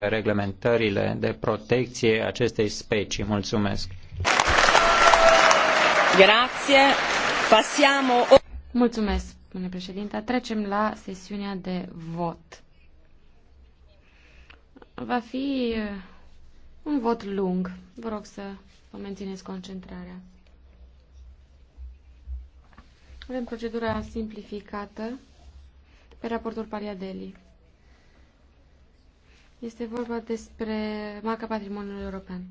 reglementările de protecție acestei specii. Mulțumesc! Grazie. Passiamo... Mulțumesc, domnule președinte. Trecem la sesiunea de vot. Va fi uh, un vot lung. Vă rog să vă mențineți concentrarea. Avem procedura simplificată pe raportul Pariadeli. Este vorba despre marca patrimoniului european.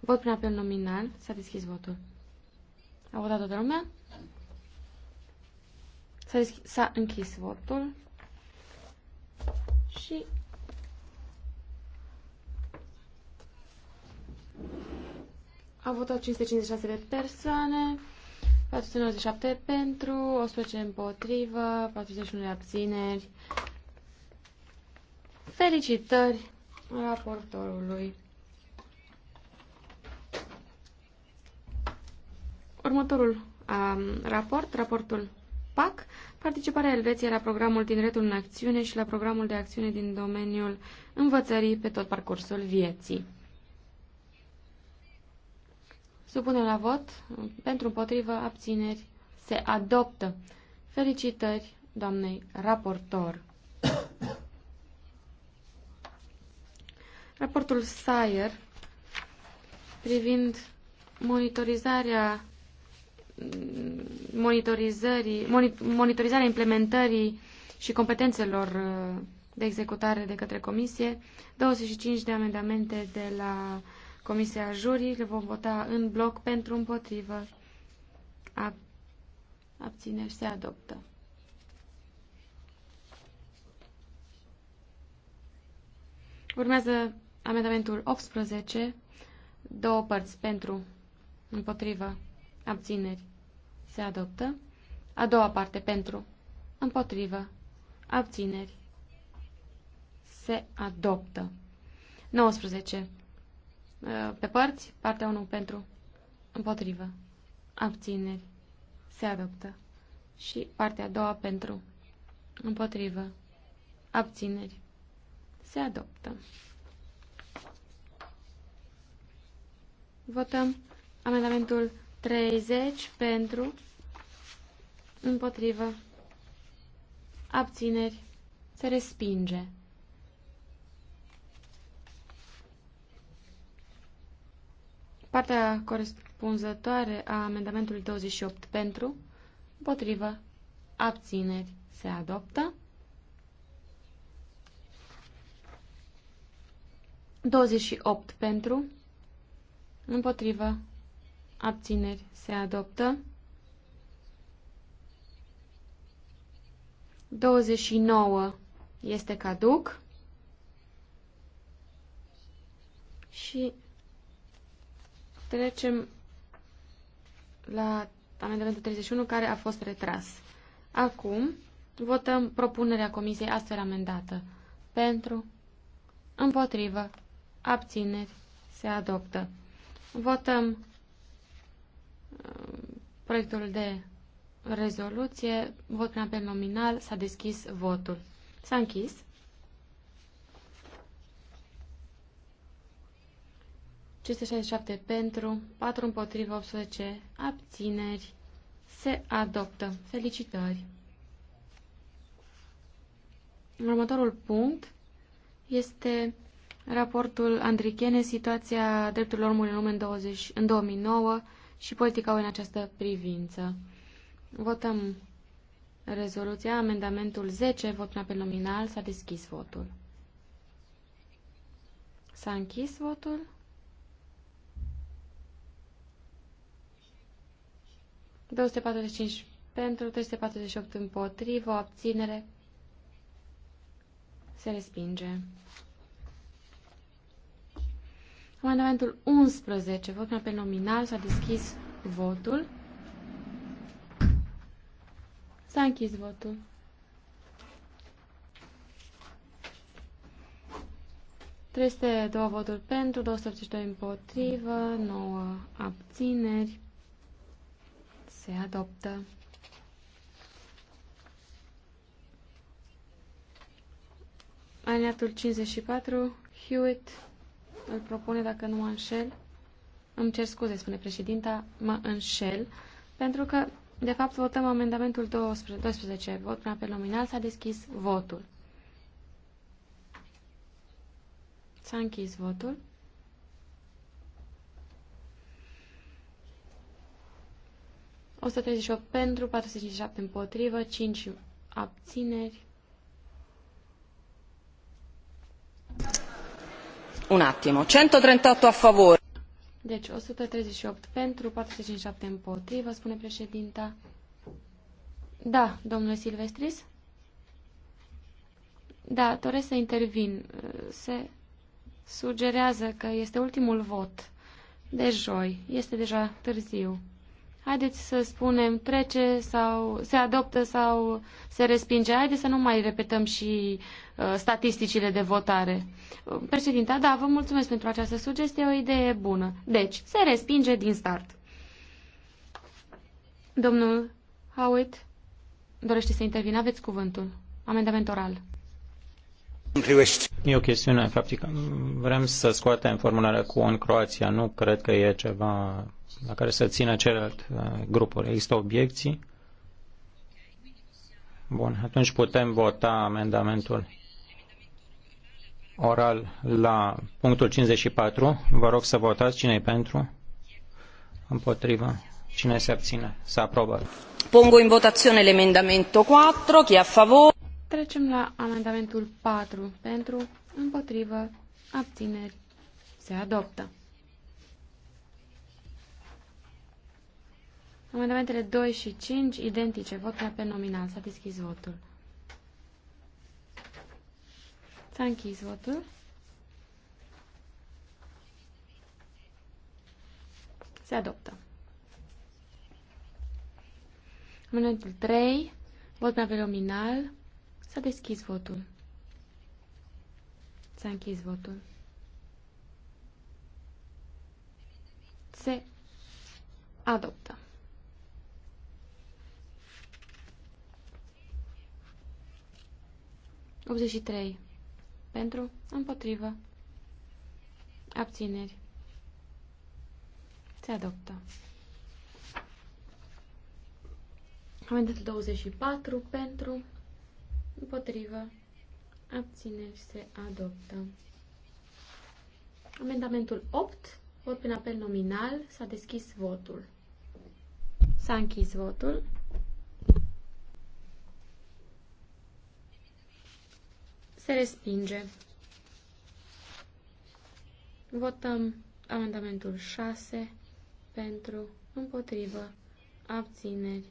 Vot prin apel nominal. S-a deschis votul. A votat toată lumea? S-a închis votul. Și a votat 556 de persoane, 497 pentru, 11 împotrivă, 41 de abțineri. Felicitări raportorului. Următorul um, raport, raportul PAC, participarea Elveției la programul Tineretul în Acțiune și la programul de acțiune din domeniul învățării pe tot parcursul vieții. Supunem la vot, pentru împotrivă, abțineri, se adoptă. Felicitări doamnei raportor. Raportul Sayer privind monitorizarea monitorizării, monitorizarea implementării și competențelor uh, de executare de către comisie, 25 de amendamente de la Comisia Jurii, le vom vota în bloc pentru împotrivă. Ab abțineri se adoptă. Urmează Amendamentul 18, două părți pentru, împotrivă, abțineri, se adoptă. A doua parte pentru, împotrivă, abțineri, se adoptă. 19. Uh, pe părți, partea 1 pentru, împotrivă, abțineri, se adoptă. Și partea a doua pentru, împotrivă, abțineri, se adoptă. Votăm amendamentul 30 pentru, împotrivă, abțineri, se respinge. Partea corespunzătoare a amendamentului 28 pentru, împotrivă, abțineri, se adoptă. 28 pentru, Împotrivă. Abțineri. Se adoptă. 29 este caduc. Și trecem la amendamentul 31 care a fost retras. Acum votăm propunerea comisiei astfel amendată. Pentru, împotrivă, abțineri, se adoptă. Votăm uh, proiectul de rezoluție. Vot prin apel nominal. S-a deschis votul. S-a închis. șapte pentru, 4 împotrivă, 18 abțineri. Se adoptă. Felicitări! Următorul punct este Raportul Andrichene, situația drepturilor omului în lume în, 2009 și politica în această privință. Votăm rezoluția, amendamentul 10, vot în apel nominal, s-a deschis votul. S-a închis votul. ...245 pentru, 348 împotrivă, o abținere, se respinge. Amendamentul 11, vot pe nominal, s-a deschis votul. S-a închis votul. Treste două voturi pentru, 282 împotrivă, 9 abțineri. Se adoptă. Aliniatul 54, Hewitt îl propune, dacă nu mă înșel, îmi cer scuze, spune președinta, mă înșel, pentru că, de fapt, votăm amendamentul 12, 12 vot prin apel nominal, s-a deschis votul. S-a închis votul. să pentru, 47 împotrivă, 5 abțineri. un attimo, 138 a favore. Deci 138 pentru, 457 împotrivă, spune președinta. Da, domnule Silvestris? Da, doresc să intervin. Se sugerează că este ultimul vot de joi. Este deja târziu. Haideți să spunem trece sau se adoptă sau se respinge. Haideți să nu mai repetăm și uh, statisticile de votare. Uh, președinta, da, vă mulțumesc pentru această sugestie, o idee bună. Deci, se respinge din start. Domnul Howitt, dorește să intervină? Aveți cuvântul. Amendament oral. E o chestiune Vrem să scoatem formularea cu în Croația. Nu cred că e ceva la care să țină celelalte uh, grupuri. Există obiecții? Bun, atunci putem vota amendamentul oral la punctul 54. Vă rog să votați cine e pentru, Împotrivă. cine se abține, să aprobă. Pongo în votație l'emendamento 4, chi a favore? Trecem la amendamentul 4. Pentru, împotrivă, abțineri, se adoptă. Amendamentele 2 și 5, identice, votul pe nominal. S-a deschis votul. S-a închis votul. Se adoptă. Amendamentul 3, vot pe nominal. S-a deschis votul. S-a închis votul. Se adoptă. Optzeci trei. Pentru, împotrivă, abțineri. Se adoptă. Amendatul 24 pentru, Împotrivă. Abțineri se adoptă. Amendamentul 8. Vot prin apel nominal. S-a deschis votul. S-a închis votul. Se respinge. Votăm amendamentul 6 pentru, împotrivă, abțineri.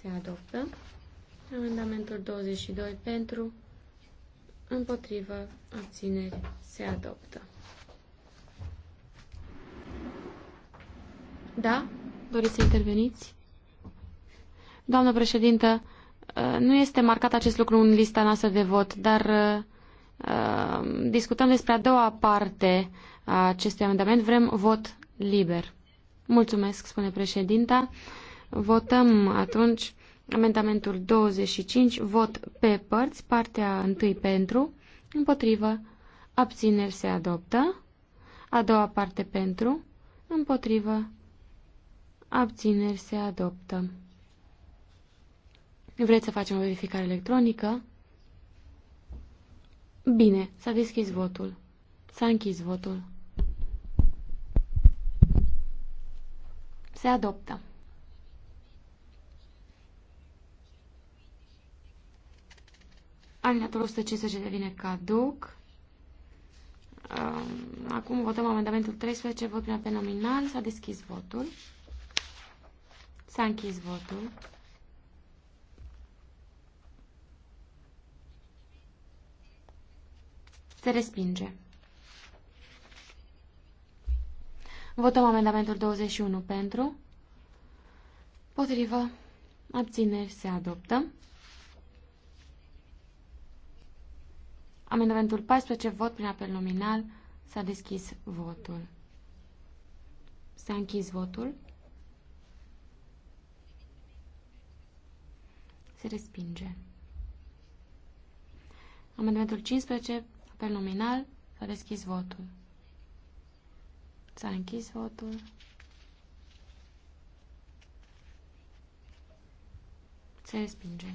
Se adoptă. Amendamentul 22 pentru, împotrivă, abțineri, se adoptă. Da? Doriți să interveniți? Doamnă președintă, uh, nu este marcat acest lucru în lista noastră de vot, dar uh, uh, discutăm despre a doua parte a acestui amendament. Vrem vot liber. Mulțumesc, spune președinta. Votăm atunci Amendamentul 25, vot pe părți, partea 1 pentru, împotrivă, abțineri se adoptă, a doua parte pentru, împotrivă, abțineri se adoptă. Vreți să facem o verificare electronică? Bine, s-a deschis votul. S-a închis votul. Se adoptă. ce 150 devine caduc. Um, acum votăm amendamentul 13, vot prin apel nominal. S-a deschis votul. S-a închis votul. Se respinge. Votăm amendamentul 21 pentru. Potrivă. Abțineri se adoptă. Amendamentul 14, vot prin apel nominal. S-a deschis votul. S-a închis votul. Se respinge. Amendamentul 15, apel nominal. S-a deschis votul. S-a închis votul. Se respinge.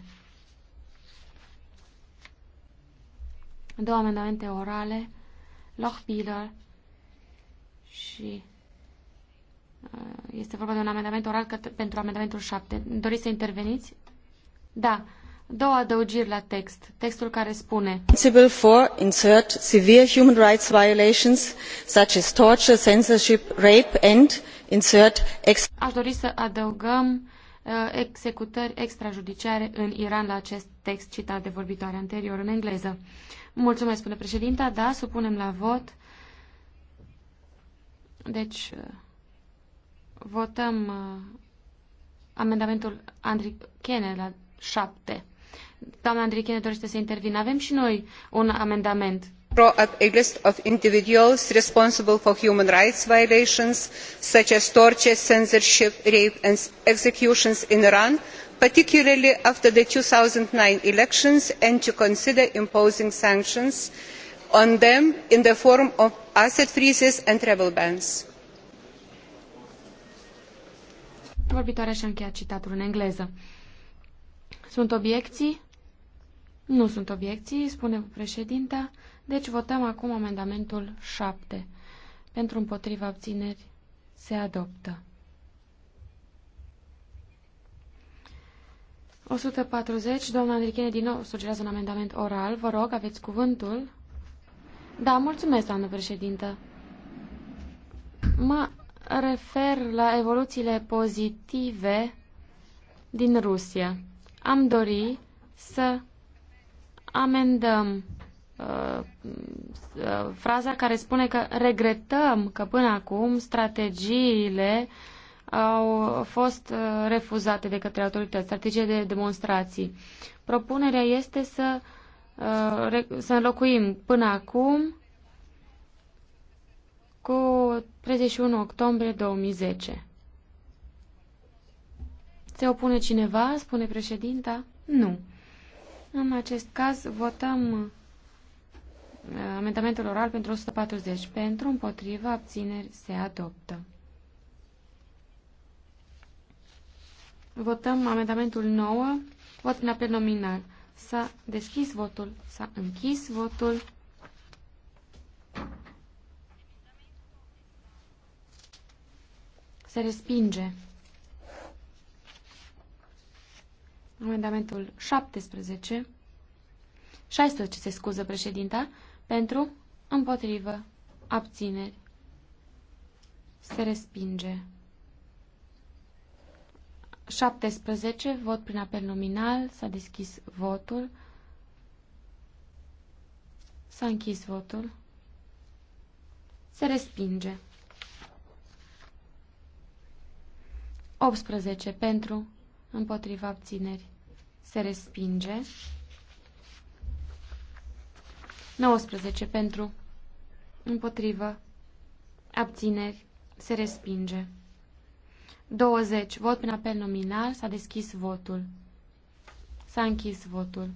două amendamente orale, Lochbiller și uh, este vorba de un amendament oral pentru amendamentul 7. Doriți să interveniți? Da. Două adăugiri la text. Textul care spune Principle for insert severe human rights violations such as torture, censorship, rape and insert Aș dori să adăugăm uh, Uh, executări extrajudiciare în Iran la acest text citat de vorbitoare anterior în engleză. Mulțumesc, spune președinta. Da, supunem la vot. Deci, uh, votăm uh, amendamentul Andrichene la 7. Doamna Andrichene dorește să intervină. Avem și noi un amendament a list of individuals responsible for human rights violations such as torture censorship rape and executions in iran particularly after the two thousand and nine elections and to consider imposing sanctions on them in the form of asset freezes and travel bans. a în engleză. Sunt Nu sunt președinta. Deci votăm acum amendamentul 7. Pentru împotriva abțineri se adoptă. 140. Doamna Andrichine din nou sugerează un amendament oral. Vă rog, aveți cuvântul. Da, mulțumesc, doamnă președintă. Mă refer la evoluțiile pozitive din Rusia. Am dori să amendăm Uh, uh, fraza care spune că regretăm că până acum strategiile au fost uh, refuzate de către autorități, strategie de demonstrații. Propunerea este să, să înlocuim până acum cu 31 octombrie 2010. Se opune cineva? Spune președinta. Nu. În acest caz votăm Amendamentul oral pentru 140. Pentru, împotrivă, abțineri, se adoptă. Votăm amendamentul 9. Vot în apel nominal. S-a deschis votul. S-a închis votul. Se respinge. Amendamentul 17. 16 se scuză președinta. Pentru, împotrivă, abțineri, se respinge. 17. Vot prin apel nominal. S-a deschis votul. S-a închis votul. Se respinge. 18. Pentru, împotriva abțineri, se respinge. 19 pentru, împotrivă, abțineri, se respinge. 20. Vot prin apel nominal. S-a deschis votul. S-a închis votul.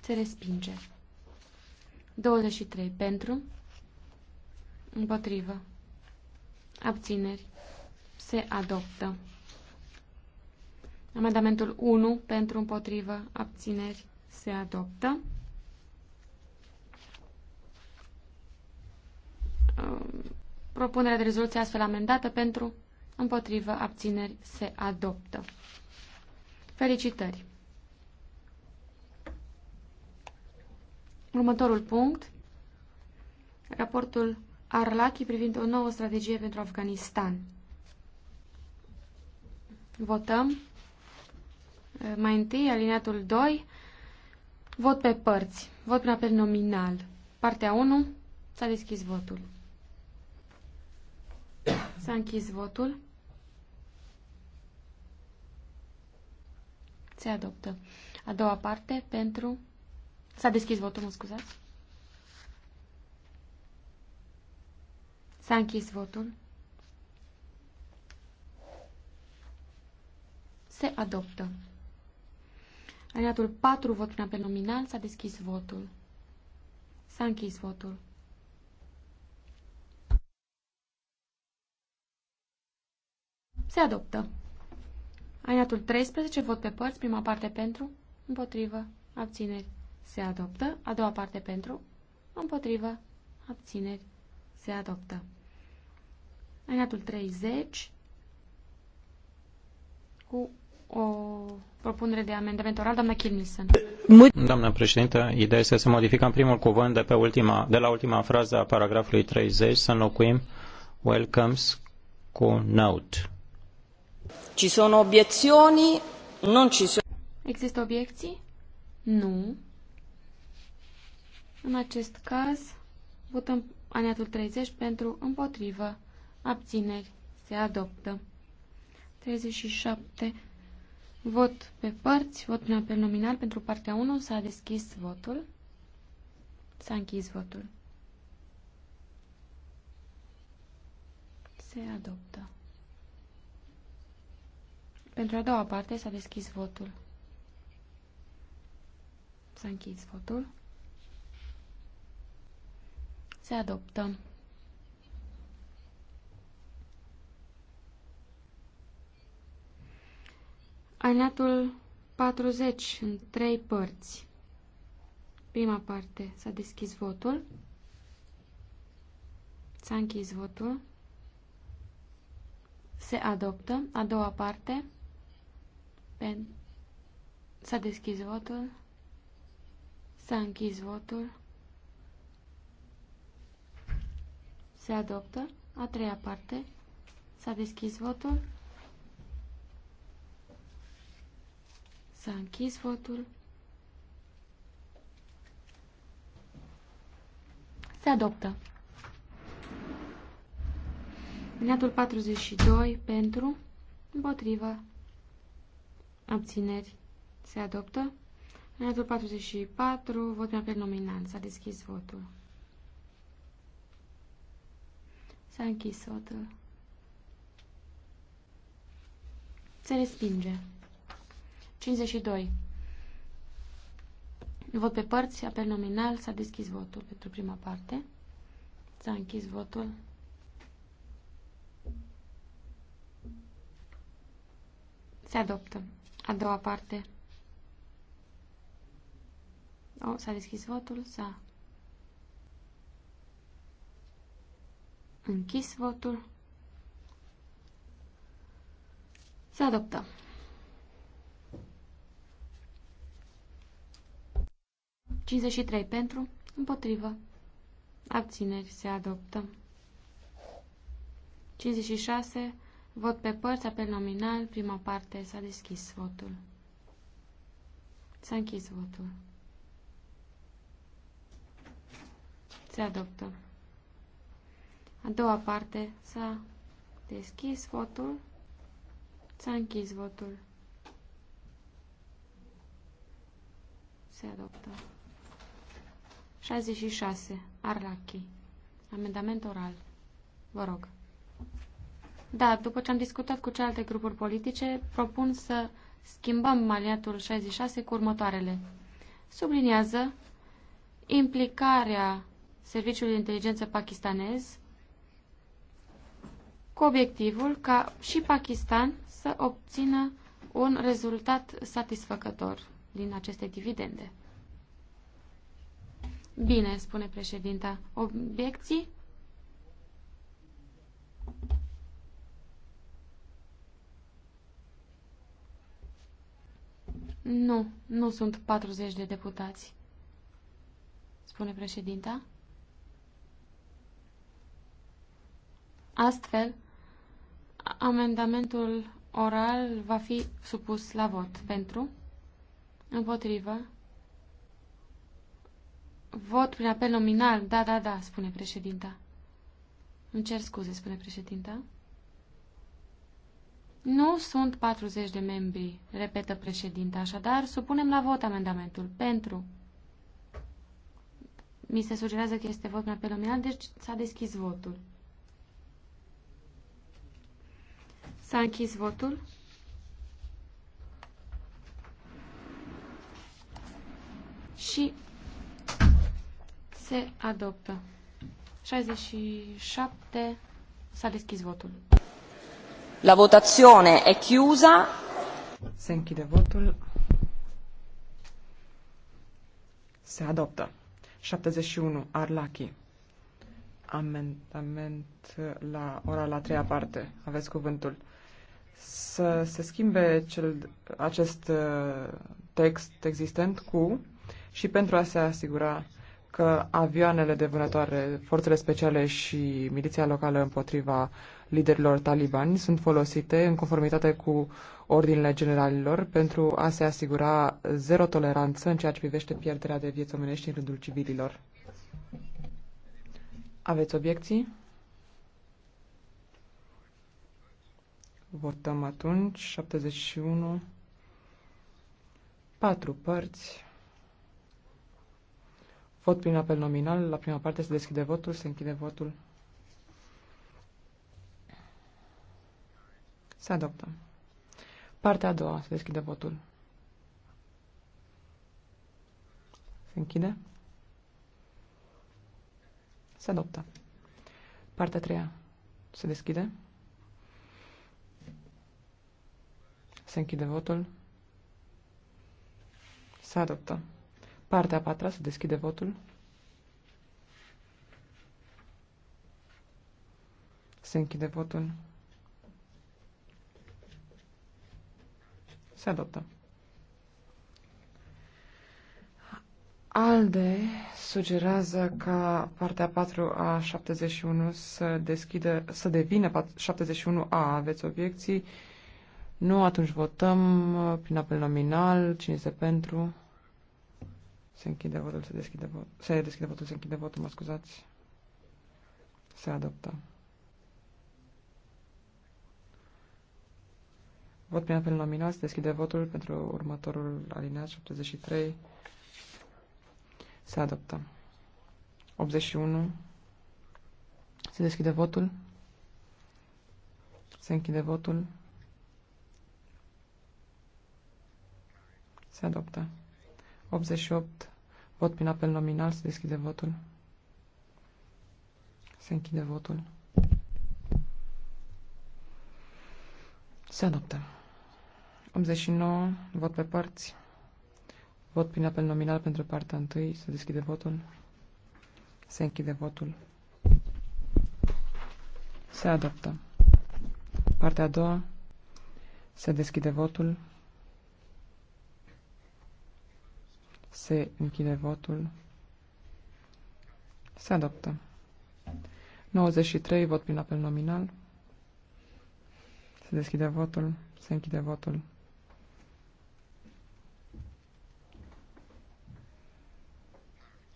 Se respinge. 23. Pentru. Împotrivă. Abțineri. Se adoptă. Amendamentul 1 pentru împotrivă abțineri se adoptă. Propunerea de rezoluție astfel amendată pentru împotrivă abțineri se adoptă. Felicitări! Următorul punct, raportul Arlachi privind o nouă strategie pentru Afganistan. Votăm. Eh, mai întâi, alineatul 2, vot pe părți, vot prin apel nominal. Partea 1, s-a deschis votul. S-a închis votul. Se adoptă. A doua parte pentru... S-a deschis votul, mă scuzați. S-a închis votul. Se adoptă. Aliatul 4, vot până pe nominal, s-a deschis votul. S-a închis votul. Se adoptă. Aliatul 13, vot pe părți, prima parte pentru, împotrivă, abțineri. Se adoptă. A doua parte pentru, împotrivă, abțineri. Se adoptă. Aliatul 30, cu o propunere de amendament oral, doamna Kilnison. Doamna președintă, ideea este să modificăm primul cuvânt de, pe ultima, de la ultima frază a paragrafului 30, să înlocuim welcomes cu note. Ci sono obiezioni? Nu ci sono. Există obiecții? Nu. În acest caz, votăm aniatul 30 pentru împotrivă. Abțineri. Se adoptă. 37 Vot pe părți, vot prin apel nominal pentru partea 1. S-a deschis votul. S-a închis votul. Se adoptă. Pentru a doua parte s-a deschis votul. S-a închis votul. Se adoptă. Aliatul 40 în trei părți. Prima parte s-a deschis votul. S-a închis votul. Se adoptă. A doua parte. Pen... S-a deschis votul. S-a închis votul. Se adoptă. A treia parte. S-a deschis votul. S-a închis votul. Se adoptă. Liniatul 42 pentru, împotrivă, abțineri, se adoptă. Liniatul 44, vot prin apel nominal, s-a deschis votul. S-a închis votul. Se respinge. 52. Vot pe părți, apel nominal, s-a deschis votul pentru prima parte. S-a închis votul. Se adoptă. A doua parte. Oh, s-a deschis votul, s-a închis votul. Se adoptă. 53 pentru, împotrivă, abțineri se adoptă. 56. Vot pe părți, apel nominal, prima parte, s-a deschis votul. S-a închis votul. Se adoptă. A doua parte, s-a deschis votul, s-a închis votul. Se adoptă. 66. Arlachi. Amendament oral. Vă rog. Da, după ce am discutat cu celelalte grupuri politice, propun să schimbăm aliatul 66 cu următoarele. Subliniază implicarea Serviciului de Inteligență pakistanez cu obiectivul ca și Pakistan să obțină un rezultat satisfăcător din aceste dividende. Bine, spune președinta. Obiecții? Nu, nu sunt 40 de deputați, spune președinta. Astfel, amendamentul oral va fi supus la vot pentru, împotrivă, Vot prin apel nominal. Da, da, da, spune președinta. Îmi cer scuze, spune președinta. Nu sunt 40 de membri, repetă președinta, așadar supunem la vot amendamentul. Pentru. Mi se sugerează că este vot prin apel nominal, deci s-a deschis votul. S-a închis votul. Și se adoptă. 67 s-a deschis votul. La votazione è chiusa. Se închide votul. Se adoptă. 71 Arlachi. Amendament la ora la treia parte. Aveți cuvântul. Să se schimbe cel, acest uh, text existent cu și pentru a se asigura că avioanele de vânătoare, forțele speciale și miliția locală împotriva liderilor talibani sunt folosite în conformitate cu ordinele generalilor pentru a se asigura zero toleranță în ceea ce privește pierderea de vieți omenești în rândul civililor. Aveți obiecții? Votăm atunci 71 patru părți Vot prin apel nominal. La prima parte se deschide votul, se închide votul. Se adoptă. Partea a doua se deschide votul. Se închide. Se adoptă. Partea a treia se deschide. Se închide votul. Se adoptă. Partea a patra se deschide votul. Se închide votul. Se adoptă. ALDE sugerează ca partea 4 a 71 să, deschidă, să devină 71A. Aveți obiecții? Nu, atunci votăm prin apel nominal. Cine este pentru? Se închide votul, se deschide votul. Se deschide votul, se închide votul, mă scuzați. Se adoptă. Vot prin apel nominal, se deschide votul pentru următorul alineat 73. Se adoptă. 81. Se deschide votul. Se închide votul. Se adoptă. 88. Vot prin apel nominal. Se deschide votul. Se închide votul. Se adoptă. 89. Vot pe părți. Vot prin apel nominal pentru partea întâi. Se deschide votul. Se închide votul. Se adoptă. Partea a doua. Se deschide votul. Se închide votul. Se adoptă. 93, vot prin apel nominal. Se deschide votul. Se închide votul.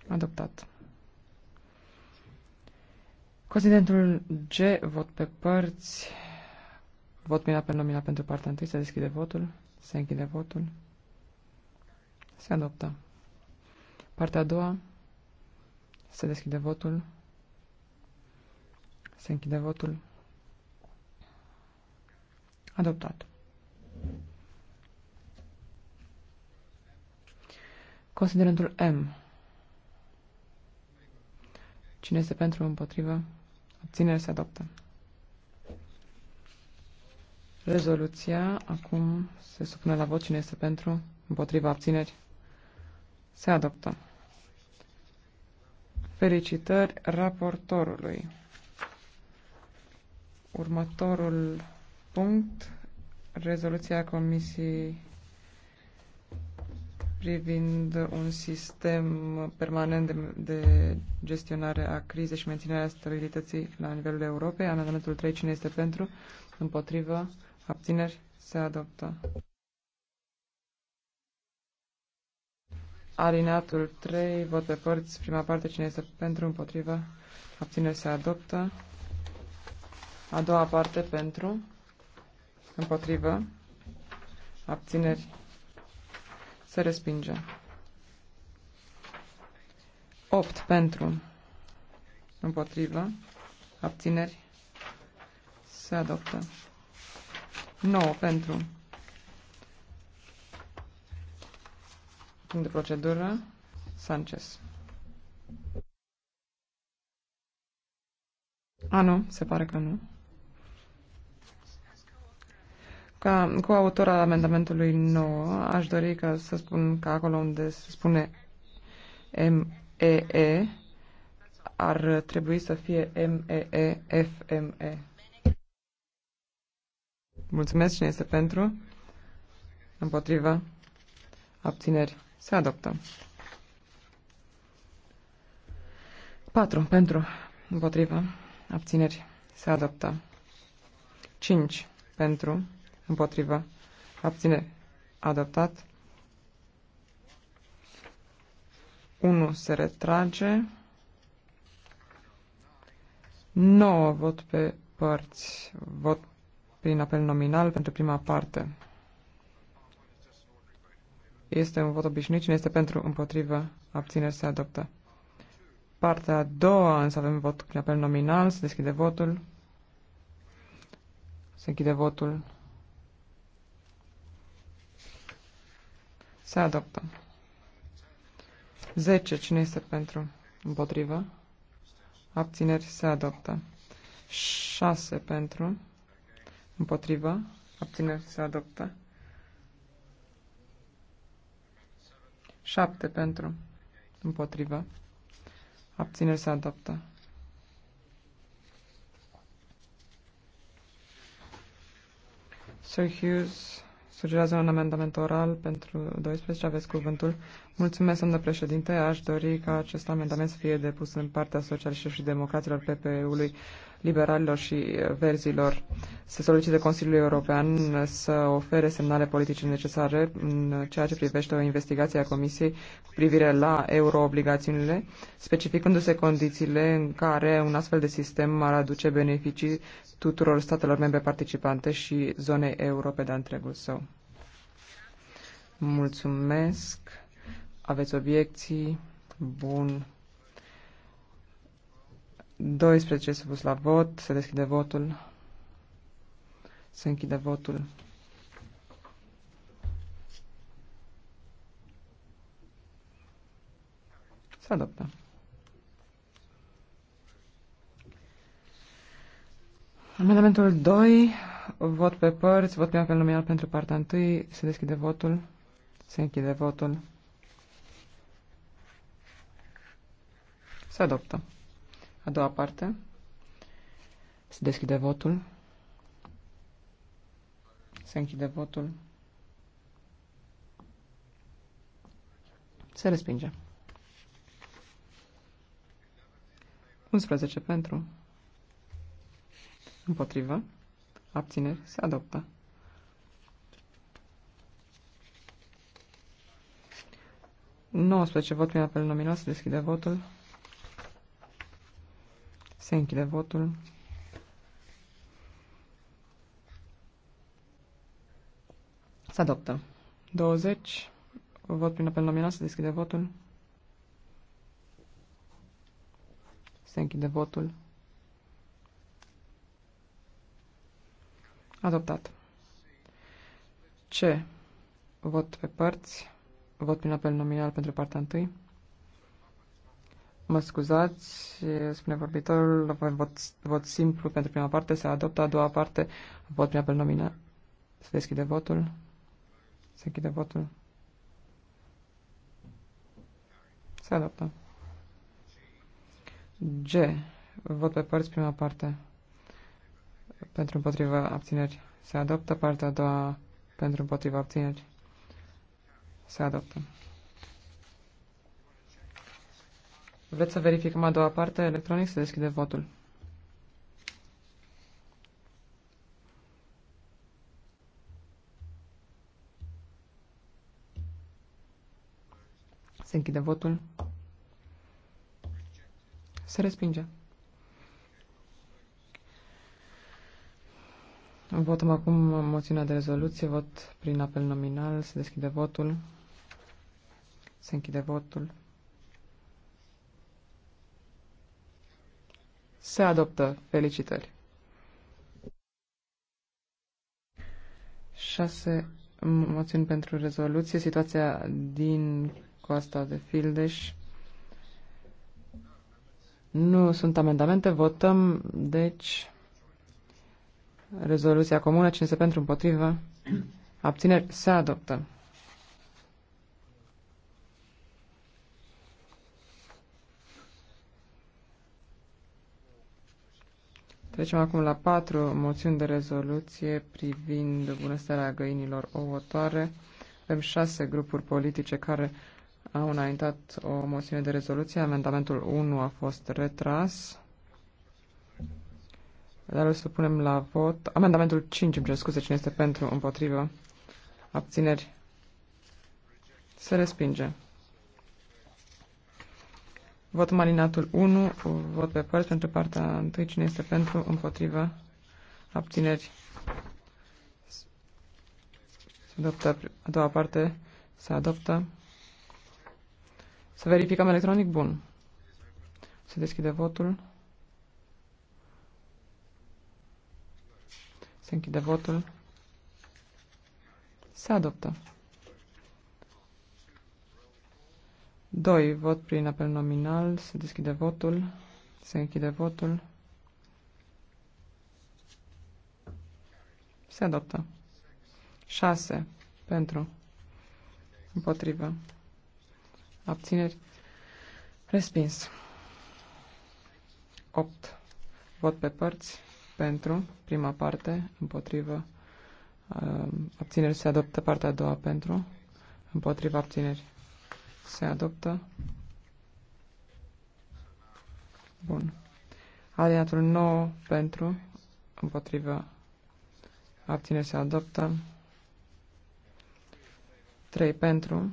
Adoptat. Considentul G, vot pe părți, vot prin apel nominal pentru partea întâi, se deschide votul, se închide votul, se adoptă. Partea a doua. Se deschide votul. Se închide votul. Adoptat. Considerentul M. Cine este pentru, împotrivă, abținere se adoptă. Rezoluția acum se supune la vot. Cine este pentru, împotrivă, abțineri se adoptă. Felicitări raportorului. Următorul punct, rezoluția Comisiei privind un sistem permanent de, de gestionare a crizei și menținerea stabilității la nivelul Europei. Amendamentul 3, cine este pentru? Împotrivă? Abțineri? Se adoptă. Alineatul 3, vot pe părți, prima parte, cine este pentru, împotrivă, abțineri se adoptă. A doua parte, pentru, împotrivă, abțineri se respinge. 8 pentru, împotrivă, abțineri se adoptă. 9 pentru, Punct de procedură. Sanchez. A, nu, se pare că nu. Ca coautor al amendamentului 9, aș dori ca să spun că acolo unde se spune MEE, ar trebui să fie MEEFME. Mulțumesc cine este pentru. Împotriva. Abțineri. Se adoptă. 4. Pentru. Împotrivă. Abțineri. Se adoptă. 5. Pentru. Împotrivă. Abțineri. Adoptat. 1 se retrage. 9 vot pe părți. Vot prin apel nominal pentru prima parte. Este un vot obișnuit. Cine este pentru, împotrivă, abțineri, se adoptă. Partea a doua, însă avem vot prin apel nominal. Se deschide votul. Se închide votul. Se adoptă. 10. Cine este pentru? Împotrivă. Abțineri se adoptă. 6 pentru. Împotrivă. Abțineri se adoptă. 7 pentru. Împotrivă. Abțineri se adoptă. Sir Hughes sugerează un amendament oral pentru 12. Aveți cuvântul. Mulțumesc, domnule președinte. Aș dori ca acest amendament să fie depus în partea socialiștilor și democraților PPE-ului, liberalilor și verzilor. Se solicite Consiliului European să ofere semnale politice necesare în ceea ce privește o investigație a Comisiei cu privire la euroobligațiunile, specificându-se condițiile în care un astfel de sistem ar aduce beneficii tuturor statelor membre participante și zonei Europe de întregul său. Mulțumesc. Aveți obiecții? Bun. 12 pus la vot. Se deschide votul. Se închide votul. Se adoptă. Amendamentul 2, vot pe părți, vot pe apel nominal pentru partea 1, se deschide votul. Se închide votul. Se adoptă. A doua parte. Se deschide votul. Se închide votul. Se respinge. 11 pentru. Împotrivă. Abțineri. Se adoptă. 19. Vot prin apel nominal. Se deschide votul. Se închide votul. Se adoptă. 20. Vot prin apel nominal. Se deschide votul. Se închide votul. Adoptat. C. Vot pe părți. Vot prin apel nominal pentru partea întâi. Mă scuzați, spune vorbitorul, vot, vot simplu pentru prima parte, se adoptă a doua parte, vot prin apel nominal. Se deschide votul. Se închide votul. Se adoptă. G. Vot pe părți, prima parte. Pentru împotriva abțineri. Se adoptă partea a doua pentru împotriva abțineri. Se adoptă. Vreți să verificăm a doua parte? Electronic se deschide votul. Se închide votul. Se respinge. Votăm acum moțiunea de rezoluție. Vot prin apel nominal. Se deschide votul. Se închide votul. Se adoptă. Felicitări. 6 moțiuni pentru rezoluție. Situația din coasta de Fildeș. Nu sunt amendamente. Votăm, deci, rezoluția comună. Cine se pentru împotrivă? Abțineri. Se adoptă. Trecem acum la patru moțiuni de rezoluție privind bunăstarea găinilor ouătoare. Avem șase grupuri politice care au înaintat o moțiune de rezoluție. Amendamentul 1 a fost retras. Dar o să punem la vot. Amendamentul 5, îmi cer scuze, cine este pentru, împotrivă, abțineri. Se respinge. Votăm alinatul 1, vot pe părți pentru partea 1, cine este pentru, împotrivă, abțineri. Se adoptă a doua parte, se adoptă. Să verificăm electronic, bun. Se deschide votul. Se închide votul. Se adoptă. 2. Vot prin apel nominal. Se deschide votul. Se închide votul. Se adoptă. 6. Pentru. Împotrivă. Abțineri. Respins. 8. Vot pe părți. Pentru. Prima parte. Împotrivă. Abțineri se adoptă partea a doua pentru. Împotriva abțineri se adoptă. Bun. Aliatul 9 pentru, împotrivă, abține, se adoptă. 3 pentru,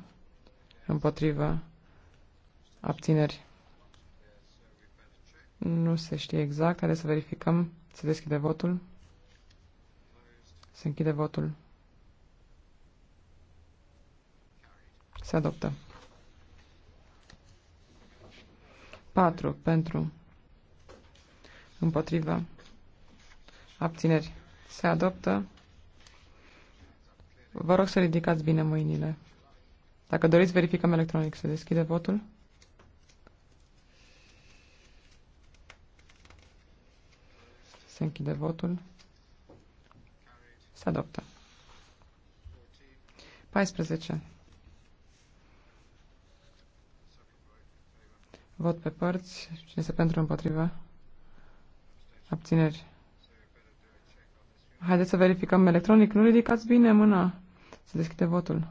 împotrivă, abțineri. Nu se știe exact, haideți să verificăm. Se deschide votul. Se închide votul. Se adoptă. 4 pentru împotrivă abțineri se adoptă. Vă rog să ridicați bine mâinile. Dacă doriți, verificăm electronic. Se deschide votul. Se închide votul. Se adoptă. 14. Vot pe părți. Cine este pentru împotriva? Abțineri. Haideți să verificăm electronic. Nu ridicați bine mâna. Se deschide votul.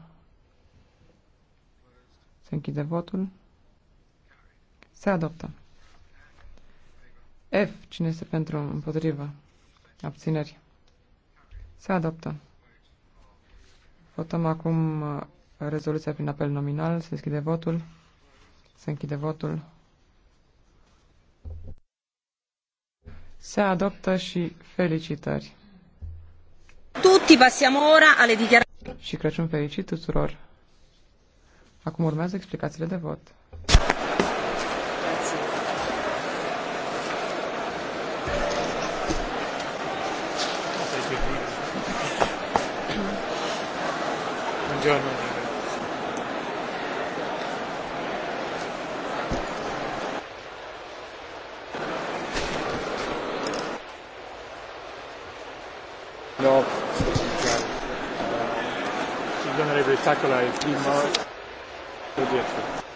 Se închide votul. Se adoptă. F. Cine este pentru împotriva? Abțineri. Se adoptă. Votăm acum uh, rezoluția prin apel nominal. Se deschide votul. Se închide votul. Se adoptă și felicitări. Tutti passiamo ora alle dichiarazioni. Și Crăciun fericit tuturor. Acum urmează explicațiile de vot. Buongiorno. Nikolai Klima. Serdecznie.